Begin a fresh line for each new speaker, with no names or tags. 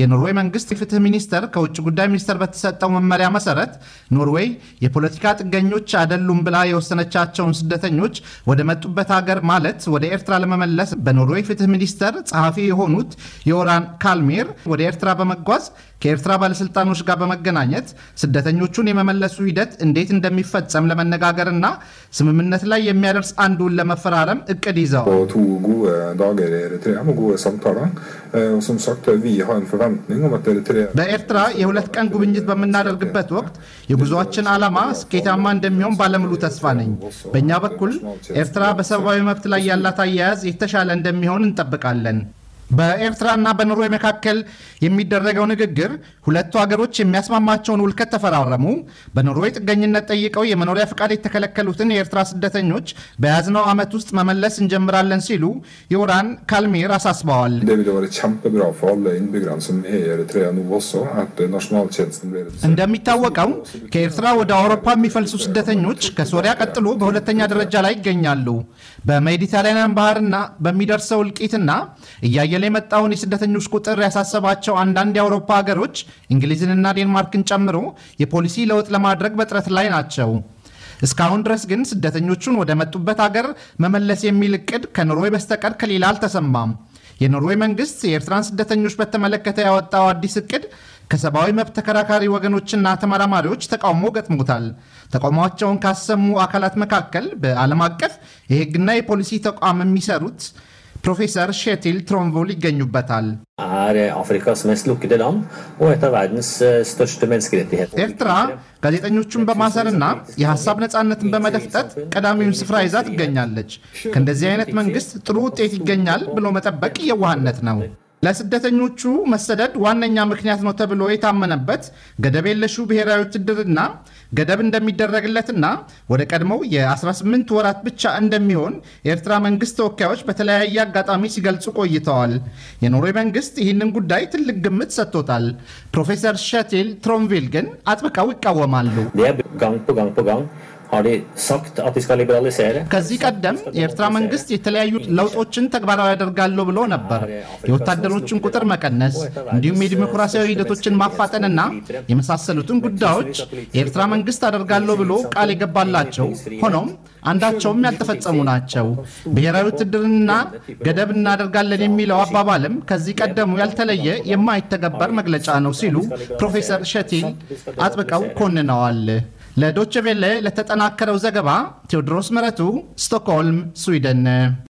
የኖርዌይ መንግስት የፍትህ ሚኒስተር ከውጭ ጉዳይ ሚኒስተር በተሰጠው መመሪያ መሰረት ኖርዌይ የፖለቲካ ጥገኞች አይደሉም ብላ የወሰነቻቸውን ስደተኞች ወደ መጡበት ሀገር ማለት ወደ ኤርትራ ለመመለስ በኖርዌይ ፍትህ ሚኒስተር ጸሐፊ የሆኑት ዮራን ካልሜር ወደ ኤርትራ በመጓዝ ከኤርትራ ባለስልጣኖች ጋር በመገናኘት ስደተኞቹን የመመለሱ ሂደት እንዴት እንደሚፈጸም ለመነጋገርና ስምምነት ላይ የሚያደርስ አንዱን ለመፈራረም እቅድ ይዘው በኤርትራ የሁለት ቀን ጉብኝት በምናደርግበት ወቅት የጉዞአችን ዓላማ ስኬታማ እንደሚሆን ባለሙሉ ተስፋ ነኝ። በእኛ በኩል ኤርትራ በሰብአዊ መብት ላይ ያላት አያያዝ የተሻለ እንደሚሆን እንጠብቃለን። በኤርትራና በኖርዌይ መካከል የሚደረገው ንግግር ሁለቱ ሀገሮች የሚያስማማቸውን ውል ከተፈራረሙ በኖርዌይ ጥገኝነት ጠይቀው የመኖሪያ ፍቃድ የተከለከሉትን የኤርትራ ስደተኞች በያዝነው ዓመት ውስጥ መመለስ እንጀምራለን ሲሉ ዮራን ካልሜር አሳስበዋል። eh, እንደሚታወቀው ከኤርትራ ወደ አውሮፓ የሚፈልሱ ስደተኞች ከሶሪያ ቀጥሎ በሁለተኛ ደረጃ ላይ ይገኛሉ። በሜዲተራኒያን ባህርና በሚደርሰው እልቂትና እያየ እየዘለለ የመጣውን የስደተኞች ቁጥር ያሳሰባቸው አንዳንድ የአውሮፓ ሀገሮች እንግሊዝንና ዴንማርክን ጨምሮ የፖሊሲ ለውጥ ለማድረግ በጥረት ላይ ናቸው። እስካሁን ድረስ ግን ስደተኞቹን ወደ መጡበት አገር መመለስ የሚል እቅድ ከኖርዌይ በስተቀር ከሌላ አልተሰማም። የኖርዌይ መንግስት የኤርትራን ስደተኞች በተመለከተ ያወጣው አዲስ እቅድ ከሰብአዊ መብት ተከራካሪ ወገኖችና ተመራማሪዎች ተቃውሞ ገጥሞታል። ተቃውሟቸውን ካሰሙ አካላት መካከል በዓለም አቀፍ የህግና የፖሊሲ ተቋም የሚሰሩት ፕሮፌሰር ሸቲል ትሮንቮል ይገኙበታል። er eh, Afrikas mest lukkede land og et av verdens eh, største menneskerettigheter. ኤርትራ ጋዜጠኞቹን በማሰርና የሀሳብ ነፃነትን በመደፍጠት ቀዳሚውን ስፍራ ይዛ ትገኛለች። ከእንደዚህ አይነት መንግስት ጥሩ ውጤት ይገኛል ብሎ መጠበቅ የዋህነት ነው። ለስደተኞቹ መሰደድ ዋነኛ ምክንያት ነው ተብሎ የታመነበት ገደብ የለሹ ብሔራዊ ውትድርና ገደብ እንደሚደረግለትና ወደ ቀድሞው የ18 ወራት ብቻ እንደሚሆን የኤርትራ መንግስት ተወካዮች በተለያየ አጋጣሚ ሲገልጹ ቆይተዋል። የኖርዌይ መንግስት ይህንን ጉዳይ ትልቅ ግምት ሰጥቶታል። ፕሮፌሰር ሸቴል ትሮምቪል ግን አጥብቀው ይቃወማሉ። ከዚህ ቀደም የኤርትራ መንግስት የተለያዩ ለውጦችን ተግባራዊ ያደርጋለሁ ብሎ ነበር። የወታደሮችን ቁጥር መቀነስ፣ እንዲሁም የዲሞክራሲያዊ ሂደቶችን ማፋጠንና የመሳሰሉትን ጉዳዮች የኤርትራ መንግስት አደርጋለሁ ብሎ ቃል የገባላቸው ሆኖም አንዳቸውም ያልተፈጸሙ ናቸው። ብሔራዊ ውትድርና ገደብ እናደርጋለን የሚለው አባባልም ከዚህ ቀደሙ ያልተለየ የማይተገበር መግለጫ ነው ሲሉ ፕሮፌሰር ሸቴል አጥብቀው ኮንነዋል። ለዶችቬሌ ለተጠናከረው ዘገባ ቴዎድሮስ መረቱ ስቶክሆልም፣ ስዊድን